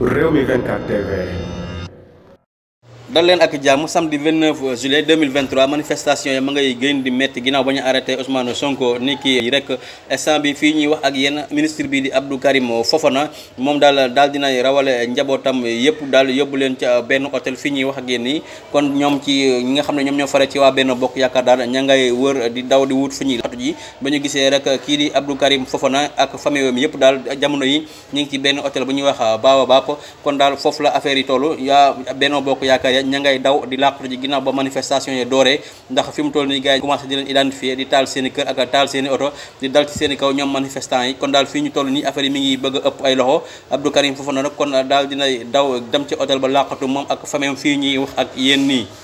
Rewmi 24 TV dal leen ak jàmm samedi 29 juillet 2023 manifestation yi ya ma ngay gën di métti ginnaaw ba ñu arrêté Ousmane Sonko ni ki rek instant bi fii ñuy wax ak ministre bi di Abdou Karim Fofana mom dal dal dinay rawale njabootam yépp daal yóbbu leen ca benn hôtel fii ageni, wax ak yéen nii kon ñoom ci ñi nga xam ne ñoom ñoo ci waa bokk ña ngay wër di daw di wut fu ñuy latu ji kiri ñu rek di Abdou Karim Fofana ak famille am yépp daal jamono yi ñu ngi ci benn hôtel bu ñuy wax Baobab kon daal foofu la affaire yi toll yaa benn bokk ña ngay daw di làqatu ji ginnaaw ba manifestation yi dooree ndax fi mu toll nii gars yi commencé di leen identifier di taal seen i kër ak taal seen oto di dal ci seen kaw ñoom manifestants yi kon daal fii ñu toll nii affaire yi mi ngi bëgg a ëpp ay loxo Abdou Karim Fofana nag kon daal dinay daw dem ci hôtel ba làqatu moom ak famem fii ñuy wax ak yéen nii